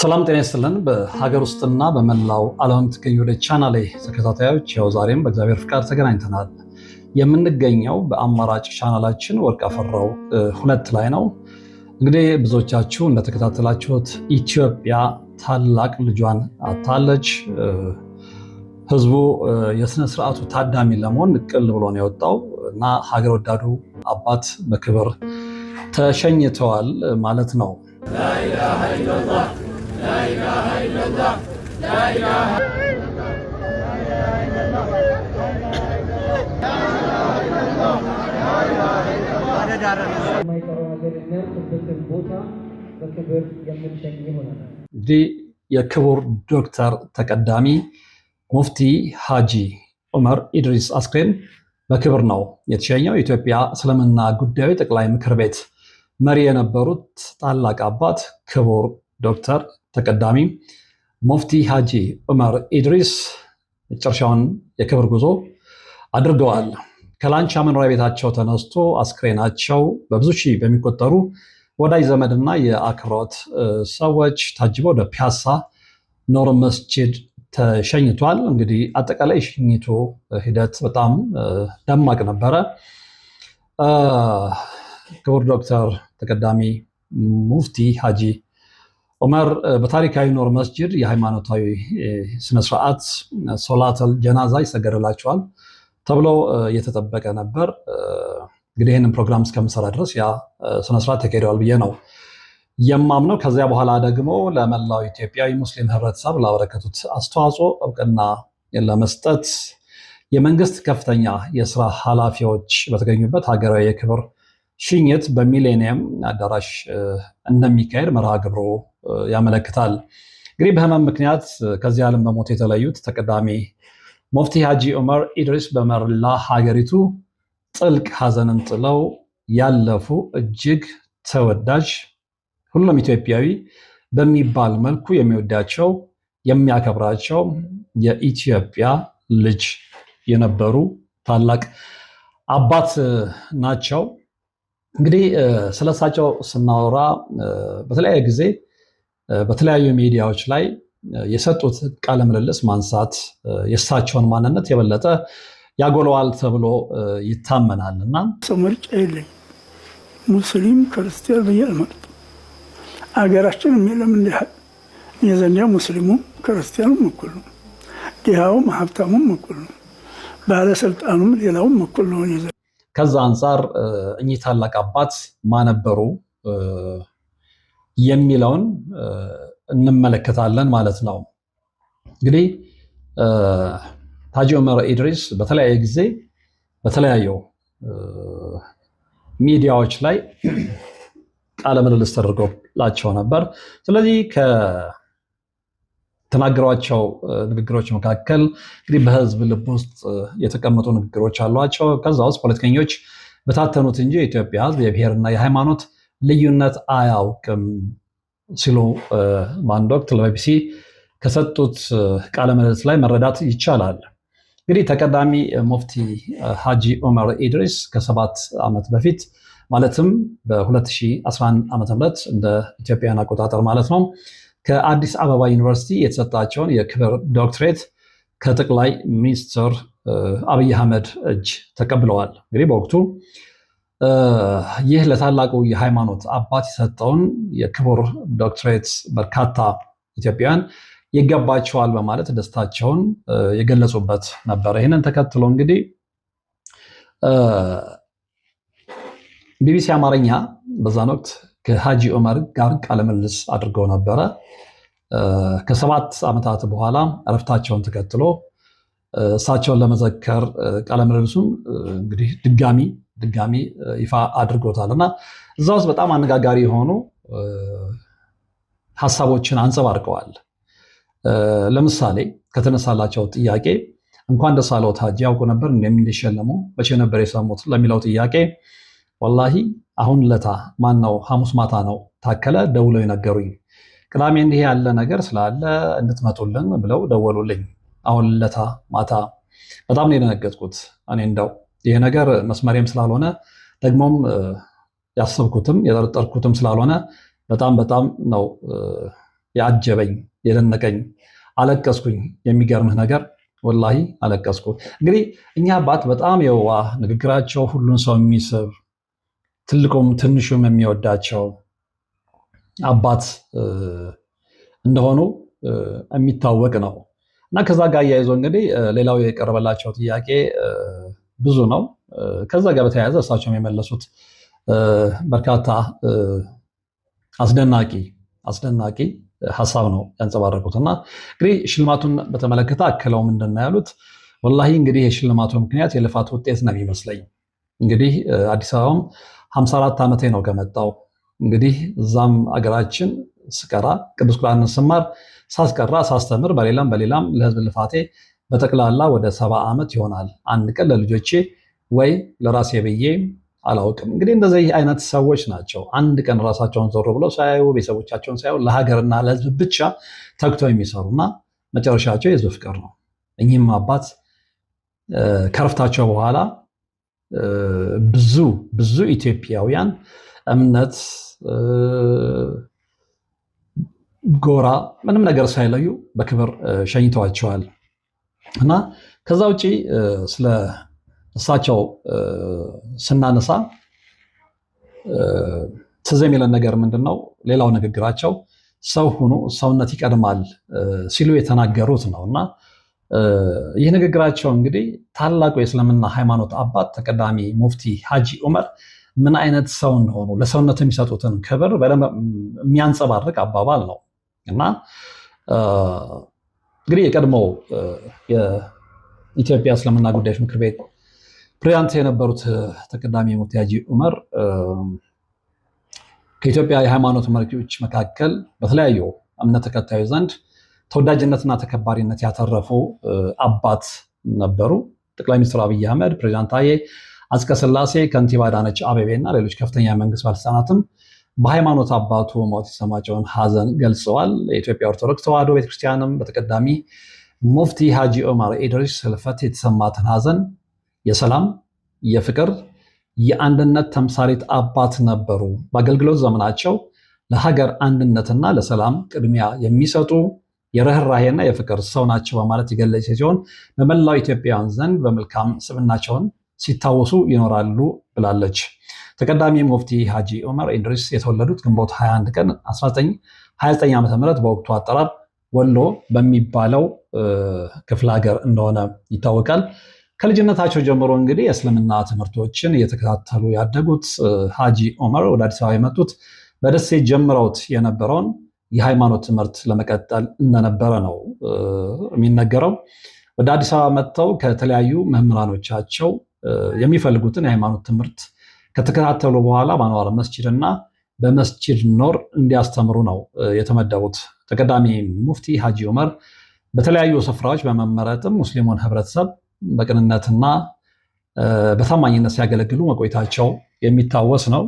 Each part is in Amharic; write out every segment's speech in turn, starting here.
ሰላም ጤና ይስጥልን። በሀገር ውስጥና በመላው ዓለም የምትገኙ ወደ ቻናሌ ተከታታዮች ያው ዛሬም በእግዚአብሔር ፍቃድ ተገናኝተናል። የምንገኘው በአማራጭ ቻናላችን ወርቅ አፈራው ሁለት ላይ ነው። እንግዲህ ብዙዎቻችሁ እንደተከታተላችሁት ኢትዮጵያ ታላቅ ልጇን አታለች። ህዝቡ የስነ ስርዓቱ ታዳሚ ለመሆን ቅል ብሎ ነው የወጣው እና ሀገር ወዳዱ አባት በክብር ተሸኝተዋል ማለት ነው። የክቡር ዶክተር ተቀዳሚ ሙፍቲ ሃጂ ዑመር ኢድሪስ አስክሬን በክብር ነው የተሸኘው። የኢትዮጵያ እስልምና ጉዳዮች ጠቅላይ ምክር ቤት መሪ የነበሩት ታላቅ አባት ክቡር ዶክተር ተቀዳሚ ሙፍቲ ሀጂ ዑመር ኢድሪስ መጨረሻውን የክብር ጉዞ አድርገዋል። ከላንቻ መኖሪያ ቤታቸው ተነስቶ አስክሬናቸው በብዙ ሺህ በሚቆጠሩ ወዳጅ ዘመድና የአክብሮት ሰዎች ታጅበው ወደ ፒያሳ ኖር መስጂድ ተሸኝቷል። እንግዲህ አጠቃላይ የሽኝቱ ሂደት በጣም ደማቅ ነበረ። ክቡር ዶክተር ተቀዳሚ ሙፍቲ ሀጂ ኦመር በታሪካዊ ኖር መስጅድ የሃይማኖታዊ ስነስርዓት ሶላተል ጀናዛ ይሰገድላቸዋል ተብሎ እየተጠበቀ ነበር። እንግዲህ ይህንን ፕሮግራም እስከምሰራ ድረስ ያ ስነስርዓት ተካሂደዋል ብዬ ነው የማምነው። ከዚያ በኋላ ደግሞ ለመላው ኢትዮጵያዊ ሙስሊም ህብረተሰብ ላበረከቱት አስተዋጽኦ እውቅና ለመስጠት የመንግስት ከፍተኛ የስራ ኃላፊዎች በተገኙበት ሀገራዊ የክብር ሽኝት በሚሌኒየም አዳራሽ እንደሚካሄድ መርሃ ግብሩ ያመለክታል። እንግዲህ በህመም ምክንያት ከዚህ ዓለም በሞት የተለዩት ተቀዳሚ ሙፍቲ ሀጂ ዑመር ኢድሪስ በመላ ሀገሪቱ ጥልቅ ሀዘንን ጥለው ያለፉ እጅግ ተወዳጅ ሁሉም ኢትዮጵያዊ በሚባል መልኩ የሚወዳቸው የሚያከብራቸው የኢትዮጵያ ልጅ የነበሩ ታላቅ አባት ናቸው። እንግዲህ ስለሳቸው ስናወራ በተለያየ ጊዜ በተለያዩ ሚዲያዎች ላይ የሰጡት ቃለ ምልልስ ማንሳት የእሳቸውን ማንነት የበለጠ ያጎለዋል ተብሎ ይታመናል እና ምርጫ የለኝ ሙስሊም ክርስቲያን ብዬ አልመርጥም። አገራችን የሚለም እንዲል የዘንዲያ ሙስሊሙም ክርስቲያኑም እኩል ነው። ድሃውም ሀብታሙም እኩል ነው። ባለስልጣኑም ሌላውም እኩል ነው። ከዛ አንጻር እኚህ ታላቅ አባት ማነበሩ የሚለውን እንመለከታለን ማለት ነው። እንግዲህ ታጂ ኡመር ኢድሪስ በተለያየ ጊዜ በተለያዩ ሚዲያዎች ላይ ቃለ ምልልስ ተደርጎላቸው ነበር። ስለዚህ ከተናገሯቸው ንግግሮች መካከል እንግዲህ በህዝብ ልብ ውስጥ የተቀመጡ ንግግሮች አሏቸው። ከዛ ውስጥ ፖለቲከኞች በታተኑት እንጂ የኢትዮጵያ ህዝብ የብሔርና የሃይማኖት ልዩነት አያውቅም ሲሉ በአንድ ወቅት ለቢቢሲ ከሰጡት ቃለ ምልልስ ላይ መረዳት ይቻላል። እንግዲህ ተቀዳሚ ሙፍቲ ሀጂ ዑመር ኢድሪስ ከሰባት ዓመት በፊት ማለትም በ2011 .ም እንደ ኢትዮጵያን አቆጣጠር ማለት ነው ከአዲስ አበባ ዩኒቨርሲቲ የተሰጣቸውን የክብር ዶክትሬት ከጠቅላይ ሚኒስትር አብይ አህመድ እጅ ተቀብለዋል። እንግዲህ በወቅቱ ይህ ለታላቁ የሃይማኖት አባት የሰጠውን የክቡር ዶክትሬት በርካታ ኢትዮጵያውያን ይገባቸዋል በማለት ደስታቸውን የገለጹበት ነበረ። ይህንን ተከትሎ እንግዲህ ቢቢሲ አማርኛ በዛን ወቅት ከሀጂ ዑመር ጋር ቃለምልስ አድርገው ነበረ። ከሰባት ዓመታት በኋላ እረፍታቸውን ተከትሎ እሳቸውን ለመዘከር ቃለምልልሱን እንግዲህ ድጋሚ ድጋሚ ይፋ አድርጎታል እና እዛ ውስጥ በጣም አነጋጋሪ የሆኑ ሀሳቦችን አንጸባርቀዋል። ለምሳሌ ከተነሳላቸው ጥያቄ እንኳን ደስ አለዎት ሀጂ፣ ያውቁ ነበር እንደሚሸለሙ መቼ ነበር የሰሙት ለሚለው ጥያቄ ወላሂ አሁን ለታ ማን ነው ሐሙስ ማታ ነው ታከለ ደውለው የነገሩኝ። ቅዳሜ እንዲህ ያለ ነገር ስላለ እንድትመጡልን ብለው ደወሉልኝ። አሁን ለታ ማታ በጣም ነው የደነገጥኩት እኔ እንደው ይሄ ነገር መስመሬም ስላልሆነ ደግሞም ያሰብኩትም የጠረጠርኩትም ስላልሆነ በጣም በጣም ነው ያጀበኝ የደነቀኝ። አለቀስኩኝ። የሚገርምህ ነገር ወላሂ አለቀስኩ። እንግዲህ እኛ አባት በጣም የዋህ ንግግራቸው ሁሉን ሰው የሚስብ ትልቁም ትንሹም የሚወዳቸው አባት እንደሆኑ የሚታወቅ ነው እና ከዛ ጋር እያይዞ እንግዲህ ሌላው የቀረበላቸው ጥያቄ ብዙ ነው። ከዛ ጋር በተያያዘ እሳቸውም የመለሱት በርካታ አስደናቂ አስደናቂ ሀሳብ ነው ያንጸባረቁት እና እንግዲህ ሽልማቱን በተመለከተ አክለው ምንድን ነው ያሉት? ወላሂ እንግዲህ የሽልማቱ ምክንያት የልፋት ውጤት ነው የሚመስለኝ። እንግዲህ አዲስ አበባም 54 ዓመቴ ነው ከመጣው እንግዲህ እዛም አገራችን ስቀራ ቅዱስ ቁርአንን ስማር ሳስቀራ ሳስተምር በሌላም በሌላም ለህዝብ ልፋቴ በጠቅላላ ወደ ሰባ ዓመት ይሆናል። አንድ ቀን ለልጆቼ ወይ ለራሴ ብዬ አላውቅም። እንግዲህ እንደዚህ አይነት ሰዎች ናቸው። አንድ ቀን ራሳቸውን ዞር ብለው ሳያዩ፣ ቤተሰቦቻቸውን ሳያዩ ለሀገርና ለሕዝብ ብቻ ተግተው የሚሰሩና መጨረሻቸው የሕዝብ ፍቅር ነው። እኚህም አባት ከረፍታቸው በኋላ ብዙ ብዙ ኢትዮጵያውያን እምነት ጎራ ምንም ነገር ሳይለዩ በክብር ሸኝተዋቸዋል። እና ከዛ ውጪ ስለ እሳቸው ስናነሳ ትዝ የሚለን ነገር ምንድን ነው? ሌላው ንግግራቸው ሰው ሁኑ ሰውነት ይቀድማል ሲሉ የተናገሩት ነው እና ይህ ንግግራቸው እንግዲህ ታላቁ የእስልምና ሃይማኖት አባት ተቀዳሚ ሙፍቲ ሀጂ ዑመር ምን አይነት ሰው እንደሆኑ ለሰውነት የሚሰጡትን ክብር የሚያንጸባርቅ አባባል ነው እና እንግዲህ የቀድሞው የኢትዮጵያ እስልምና ጉዳዮች ምክር ቤት ፕሬዚዳንት የነበሩት ተቀዳሚ ሙፍቲ ሀጂ ዑመር ከኢትዮጵያ የሃይማኖት መሪዎች መካከል በተለያዩ እምነት ተከታዮች ዘንድ ተወዳጅነትና ተከባሪነት ያተረፉ አባት ነበሩ። ጠቅላይ ሚኒስትር አብይ አህመድ፣ ፕሬዚዳንት ታዬ አጽቀሥላሴ፣ ከንቲባ አዳነች አቤቤ እና ሌሎች ከፍተኛ መንግስት ባለስልጣናትም በሃይማኖት አባቱ ሞት የተሰማቸውን ሀዘን ገልጸዋል። የኢትዮጵያ ኦርቶዶክስ ተዋህዶ ቤተክርስቲያንም በተቀዳሚ ሙፍቲ ሀጂ ኦማር ኢድሪስ ህልፈት የተሰማትን ሀዘን የሰላም የፍቅር የአንድነት ተምሳሌት አባት ነበሩ። በአገልግሎት ዘመናቸው ለሀገር አንድነትና ለሰላም ቅድሚያ የሚሰጡ የርህራሄና የፍቅር ሰው ናቸው በማለት የገለጸ ሲሆን በመላው ኢትዮጵያውያን ዘንድ በመልካም ስብናቸውን ሲታወሱ ይኖራሉ ብላለች። ተቀዳሚ ሙፍቲ ሐጂ ዑመር ኢንድሪስ የተወለዱት ግንቦት 21 ቀን 1929 ዓ ም በወቅቱ አጠራር ወሎ በሚባለው ክፍለ ሀገር እንደሆነ ይታወቃል። ከልጅነታቸው ጀምሮ እንግዲህ የእስልምና ትምህርቶችን እየተከታተሉ ያደጉት ሐጂ ዑመር ወደ አዲስ አበባ የመጡት በደሴ ጀምረውት የነበረውን የሃይማኖት ትምህርት ለመቀጠል እንደነበረ ነው የሚነገረው። ወደ አዲስ አበባ መጥተው ከተለያዩ መምህራኖቻቸው የሚፈልጉትን የሃይማኖት ትምህርት ከተከታተሉ በኋላ በአንዋር መስጅድ እና በመስጅድ ኖር እንዲያስተምሩ ነው የተመደቡት። ተቀዳሚ ሙፍቲ ሀጂ ዑመር በተለያዩ ስፍራዎች በመመረጥም ሙስሊሙን ህብረተሰብ በቅንነትና በታማኝነት ሲያገለግሉ መቆየታቸው የሚታወስ ነው።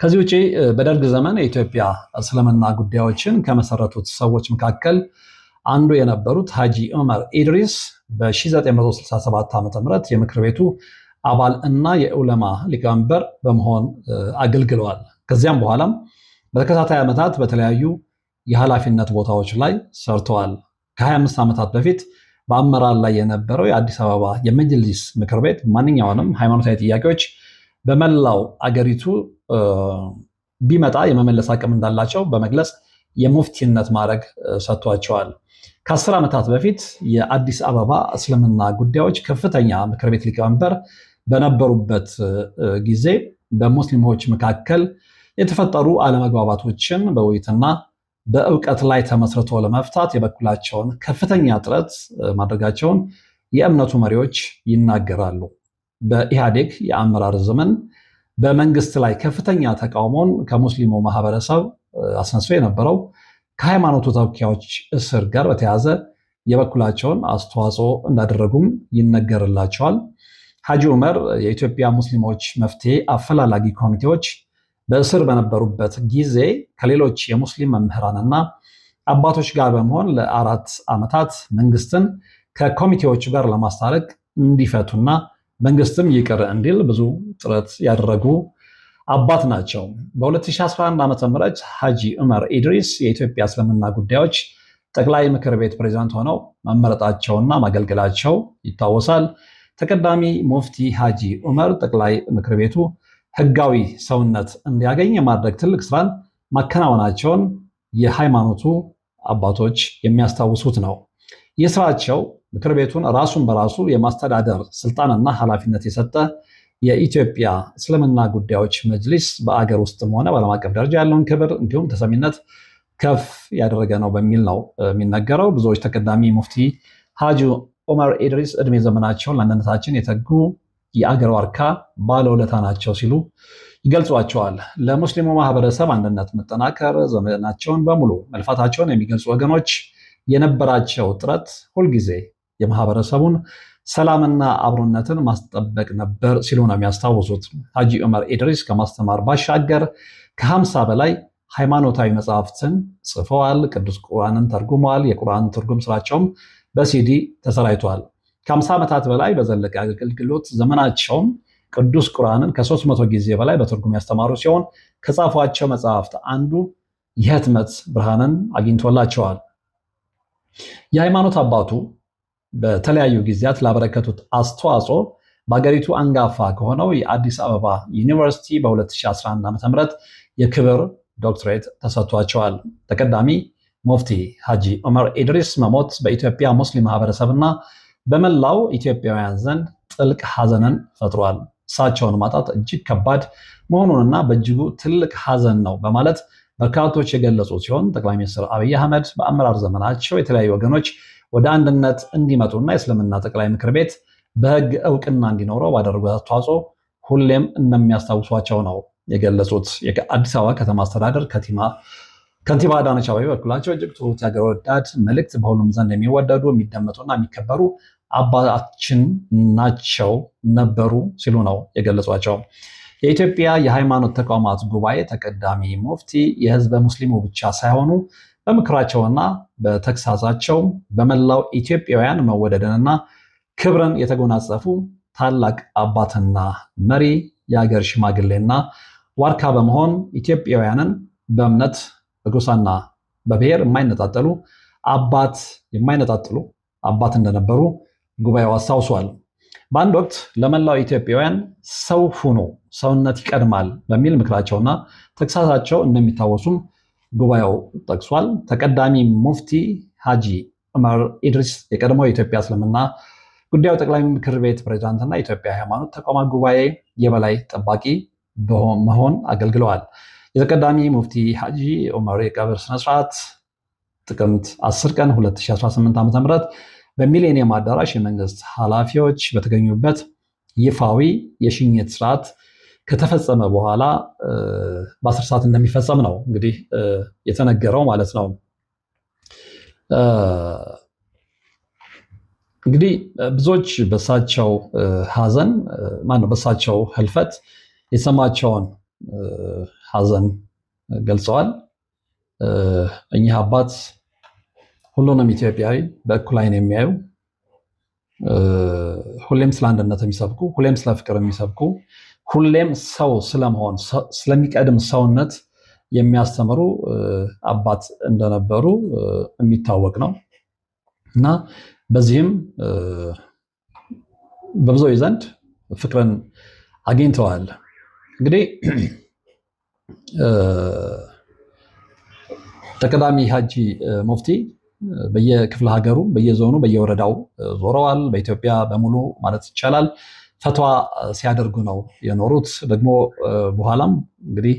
ከዚህ ውጭ በደርግ ዘመን የኢትዮጵያ እስልምና ጉዳዮችን ከመሰረቱት ሰዎች መካከል አንዱ የነበሩት ሀጂ ዑመር ኢድሪስ በ1967 ዓ ም የምክር ቤቱ አባል እና የዑለማ ሊቀመንበር በመሆን አገልግለዋል። ከዚያም በኋላም በተከታታይ ዓመታት በተለያዩ የኃላፊነት ቦታዎች ላይ ሰርተዋል። ከ25 ዓመታት በፊት በአመራር ላይ የነበረው የአዲስ አበባ የመጅሊስ ምክር ቤት ማንኛውንም ሃይማኖታዊ ጥያቄዎች በመላው አገሪቱ ቢመጣ የመመለስ አቅም እንዳላቸው በመግለጽ የሙፍቲነት ማዕረግ ሰጥቷቸዋል። ከአስር ዓመታት በፊት የአዲስ አበባ እስልምና ጉዳዮች ከፍተኛ ምክር ቤት ሊቀመንበር በነበሩበት ጊዜ በሙስሊሞች መካከል የተፈጠሩ አለመግባባቶችን በውይይትና በእውቀት ላይ ተመስርቶ ለመፍታት የበኩላቸውን ከፍተኛ ጥረት ማድረጋቸውን የእምነቱ መሪዎች ይናገራሉ። በኢህአዴግ የአመራር ዘመን በመንግስት ላይ ከፍተኛ ተቃውሞን ከሙስሊሙ ማህበረሰብ አስነስቶ የነበረው ከሃይማኖቱ ተወካዮች እስር ጋር በተያያዘ የበኩላቸውን አስተዋጽኦ እንዳደረጉም ይነገርላቸዋል። ሐጂ ዑመር የኢትዮጵያ ሙስሊሞች መፍትሄ አፈላላጊ ኮሚቴዎች በእስር በነበሩበት ጊዜ ከሌሎች የሙስሊም መምህራንና አባቶች ጋር በመሆን ለአራት ዓመታት መንግስትን ከኮሚቴዎቹ ጋር ለማስታረቅ እንዲፈቱና መንግስትም ይቅር እንዲል ብዙ ጥረት ያደረጉ አባት ናቸው። በ2011 ዓ ም ሐጂ ዑመር ኢድሪስ የኢትዮጵያ እስልምና ጉዳዮች ጠቅላይ ምክር ቤት ፕሬዚዳንት ሆነው መመረጣቸውና ማገልገላቸው ይታወሳል። ተቀዳሚ ሙፍቲ ሐጂ ዑመር ጠቅላይ ምክር ቤቱ ህጋዊ ሰውነት እንዲያገኝ የማድረግ ትልቅ ስራን ማከናወናቸውን የሃይማኖቱ አባቶች የሚያስታውሱት ነው። ይህ ስራቸው ምክር ቤቱን ራሱን በራሱ የማስተዳደር ስልጣንና ኃላፊነት የሰጠ የኢትዮጵያ እስልምና ጉዳዮች መጅሊስ በአገር ውስጥም ሆነ በዓለም አቀፍ ደረጃ ያለውን ክብር እንዲሁም ተሰሚነት ከፍ ያደረገ ነው በሚል ነው የሚነገረው። ብዙዎች ተቀዳሚ ሙፍቲ ሀጂ ኦመር ኢድሪስ እድሜ ዘመናቸውን ለአንድነታችን የተጉ የአገር ዋርካ ባለውለታ ናቸው ሲሉ ይገልጿቸዋል። ለሙስሊሙ ማህበረሰብ አንድነት መጠናከር ዘመናቸውን በሙሉ መልፋታቸውን የሚገልጹ ወገኖች የነበራቸው ጥረት ሁልጊዜ የማህበረሰቡን ሰላምና አብሮነትን ማስጠበቅ ነበር ሲሉ ነው የሚያስታውሱት። ሐጂ ዑመር ኢድሪስ ከማስተማር ባሻገር ከሀምሳ በላይ ሃይማኖታዊ መጽሐፍትን ጽፈዋል። ቅዱስ ቁርአንን ተርጉመዋል። የቁርአን ትርጉም ስራቸውም በሲዲ ተሰራይቷል። ከ5ምሳ ዓመታት በላይ በዘለቀ አገልግሎት ዘመናቸውም ቅዱስ ቁርአንን ከ መቶ ጊዜ በላይ በትርጉም ያስተማሩ ሲሆን ከጻፏቸው መጽሐፍት አንዱ የህትመት ብርሃንን አግኝቶላቸዋል። የሃይማኖት አባቱ በተለያዩ ጊዜያት ላበረከቱት አስተዋጽኦ በሀገሪቱ አንጋፋ ከሆነው የአዲስ አበባ ዩኒቨርሲቲ በ2011 ዓ ም የክብር ዶክትሬት ተሰጥቷቸዋል። ተቀዳሚ ሙፍቲ ሐጂ ዑመር ኢድሪስ መሞት በኢትዮጵያ ሙስሊም ማህበረሰብና በመላው ኢትዮጵያውያን ዘንድ ጥልቅ ሐዘንን ፈጥሯል። እሳቸውን ማጣት እጅግ ከባድ መሆኑንና በእጅጉ ትልቅ ሐዘን ነው በማለት በርካቶች የገለጹ ሲሆን ጠቅላይ ሚኒስትር አብይ አህመድ በአመራር ዘመናቸው የተለያዩ ወገኖች ወደ አንድነት እንዲመጡና የእስልምና ጠቅላይ ምክር ቤት በህግ እውቅና እንዲኖረው ባደረጉት አስተዋጽኦ ሁሌም እንደሚያስታውሷቸው ነው የገለጹት። የአዲስ አበባ ከተማ አስተዳደር ከንቲባ አዳነች አቤቤ በኩላቸው እጅግ ትሁት፣ ሀገር ወዳድ መልእክት በሁሉም ዘንድ የሚወደዱ የሚደመጡና የሚከበሩ አባታችን ናቸው ነበሩ ሲሉ ነው የገለጿቸው። የኢትዮጵያ የሃይማኖት ተቋማት ጉባኤ ተቀዳሚ ሙፍቲ የህዝበ ሙስሊሙ ብቻ ሳይሆኑ በምክራቸውና በተግሳጻቸው በመላው ኢትዮጵያውያን መወደድንና ክብርን የተጎናጸፉ ታላቅ አባትና መሪ የሀገር ሽማግሌና ዋርካ በመሆን ኢትዮጵያውያንን በእምነት በጎሳና በብሔር የማይነጣጠሉ አባት የማይነጣጥሉ አባት እንደነበሩ ጉባኤው አስታውሷል። በአንድ ወቅት ለመላው ኢትዮጵያውያን ሰው ሁኑ፣ ሰውነት ይቀድማል በሚል ምክራቸውና ተግሳጻቸው እንደሚታወሱም ጉባኤው ጠቅሷል። ተቀዳሚ ሙፍቲ ሀጂ ዑመር ኢድሪስ የቀድሞው የኢትዮጵያ እስልምና ጉዳዩ ጠቅላይ ምክር ቤት ፕሬዚዳንትና የኢትዮጵያ ሃይማኖት ተቋማት ጉባኤ የበላይ ጠባቂ መሆን አገልግለዋል። የተቀዳሚ ሙፍቲ ሀጂ ዑመር የቀብር ስነስርዓት ጥቅምት 10 ቀን 2018 ዓ ም በሚሌኒየም አዳራሽ የመንግስት ኃላፊዎች በተገኙበት ይፋዊ የሽኝት ስርዓት ከተፈጸመ በኋላ በአስር ሰዓት እንደሚፈጸም ነው እንግዲህ የተነገረው ማለት ነው። እንግዲህ ብዙዎች በሳቸው ሀዘን ማነው በሳቸው ህልፈት የሰማቸውን ሀዘን ገልጸዋል። እኚህ አባት ሁሉንም ኢትዮጵያዊ በእኩል ዓይን የሚያዩ ሁሌም ስለ አንድነት የሚሰብኩ ሁሌም ስለ ፍቅር የሚሰብኩ ሁሌም ሰው ስለመሆን ስለሚቀድም ሰውነት የሚያስተምሩ አባት እንደነበሩ የሚታወቅ ነው እና በዚህም በብዙዎች ዘንድ ፍቅርን አግኝተዋል። እንግዲህ ተቀዳሚ ሀጂ ሙፍቲ በየክፍለ ሀገሩ፣ በየዞኑ፣ በየወረዳው ዞረዋል። በኢትዮጵያ በሙሉ ማለት ይቻላል። ፈቷ ሲያደርጉ ነው የኖሩት። ደግሞ በኋላም እንግዲህ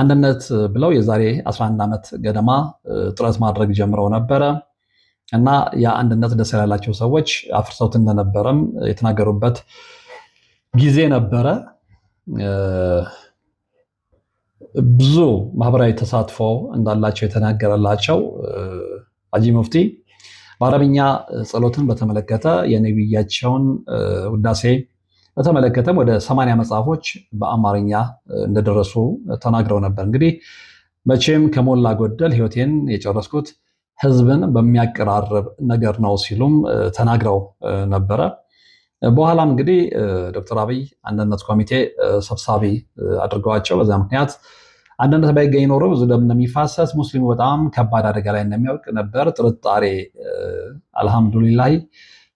አንድነት ብለው የዛሬ 11 ዓመት ገደማ ጥረት ማድረግ ጀምረው ነበረ እና የአንድነት ደስ ያላቸው ሰዎች አፍርሰውት እንደነበረም የተናገሩበት ጊዜ ነበረ። ብዙ ማህበራዊ ተሳትፎ እንዳላቸው የተናገረላቸው አጂ ሙፍቲ በአረብኛ ጸሎትን በተመለከተ የነቢያቸውን ውዳሴ በተመለከተም ወደ ሰማንያ መጽሐፎች በአማርኛ እንደደረሱ ተናግረው ነበር። እንግዲህ መቼም ከሞላ ጎደል ህይወቴን የጨረስኩት ህዝብን በሚያቀራርብ ነገር ነው ሲሉም ተናግረው ነበረ። በኋላም እንግዲህ ዶክተር አብይ አንድነት ኮሚቴ ሰብሳቢ አድርገዋቸው በዚያ ምክንያት አንዳንድ ባይገኝ ጋር ይኖረው ብዙ ደም እንደሚፋሰስ ሙስሊሙ በጣም ከባድ አደጋ ላይ እንደሚያውቅ ነበር ጥርጣሬ አልሐምዱሊላህ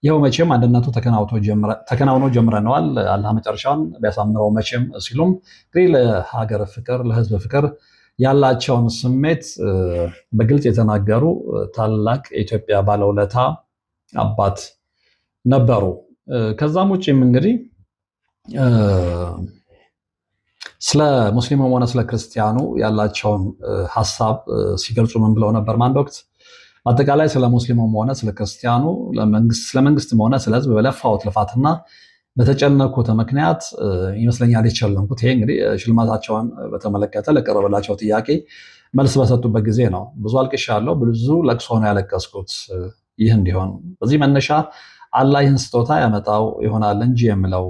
ይኸው መቼም አንድነቱ ተከናውኖ ጀምረነዋል። አላህ መጨረሻውን ቢያሳምረው መቼም ሲሉም እንግዲህ ለሀገር ፍቅር፣ ለህዝብ ፍቅር ያላቸውን ስሜት በግልጽ የተናገሩ ታላቅ የኢትዮጵያ ባለውለታ አባት ነበሩ። ከዛም ውጭም እንግዲህ ስለ ሙስሊሙም ሆነ ስለ ክርስቲያኑ ያላቸውን ሀሳብ ሲገልጹ ምን ብለው ነበር? ማንድ ወቅት አጠቃላይ ስለ ሙስሊሙም ሆነ ስለ ክርስቲያኑ፣ መንግስትም ሆነ ስለ ህዝብ በለፋሁት ልፋትና በተጨነኩት ምክንያት ይመስለኛል የቸለምኩት። ይሄ እንግዲህ ሽልማታቸውን በተመለከተ ለቀረበላቸው ጥያቄ መልስ በሰጡበት ጊዜ ነው። ብዙ አልቅሻለሁ፣ ብዙ ለቅሶ ነው ያለቀስኩት። ይህ እንዲሆን በዚህ መነሻ አላህ ይህን ስጦታ ያመጣው ይሆናል እንጂ የምለው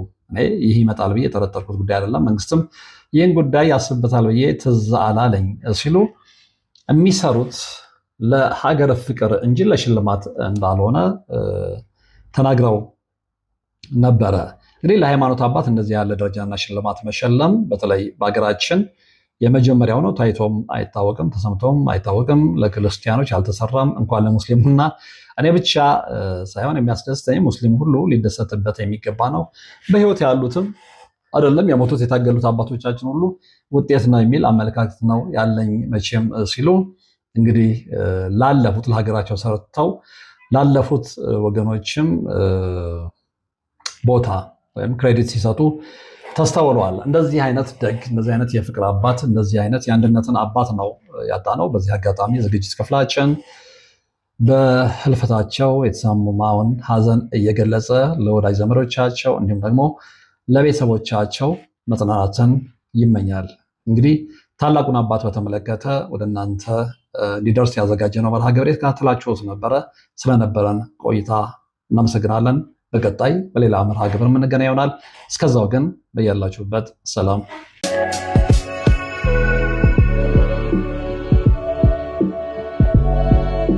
ይህ ይመጣል ብዬ የጠረጠርኩት ጉዳይ አይደለም። መንግስትም ይህን ጉዳይ ያስብበታል ብዬ ትዝ አላለኝ ሲሉ የሚሰሩት ለሀገር ፍቅር እንጂ ለሽልማት እንዳልሆነ ተናግረው ነበረ። እንግዲህ ለሃይማኖት አባት እንደዚህ ያለ ደረጃና ሽልማት መሸለም በተለይ በሀገራችን የመጀመሪያው ነው። ታይቶም አይታወቅም፣ ተሰምቶም አይታወቅም። ለክርስቲያኖች አልተሰራም እንኳን ለሙስሊሙና እኔ ብቻ ሳይሆን የሚያስደስተኝ ሙስሊም ሁሉ ሊደሰትበት የሚገባ ነው። በህይወት ያሉትም አይደለም የሞቱት የታገሉት አባቶቻችን ሁሉ ውጤት ነው የሚል አመለካከት ነው ያለኝ መቼም ሲሉ እንግዲህ ላለፉት ለሀገራቸው ሰርተው ላለፉት ወገኖችም ቦታ ወይም ክሬዲት ሲሰጡ ተስተውለዋል። እንደዚህ አይነት ደግ፣ እንደዚህ አይነት የፍቅር አባት፣ እንደዚህ አይነት የአንድነትን አባት ነው ያጣ ነው በዚህ አጋጣሚ ዝግጅት ክፍላችን በህልፈታቸው የተሰማውን ሀዘን እየገለጸ ለወዳጅ ዘመዶቻቸው እንዲሁም ደግሞ ለቤተሰቦቻቸው መጽናናትን ይመኛል። እንግዲህ ታላቁን አባት በተመለከተ ወደ እናንተ እንዲደርስ ያዘጋጀ ነው። መርሃ ግብር የተከታተላችሁት ነበረ። ስለነበረን ቆይታ እናመሰግናለን። በቀጣይ በሌላ መርሃ ግብር የምንገናኝ ይሆናል። እስከዛው ግን በያላችሁበት ሰላም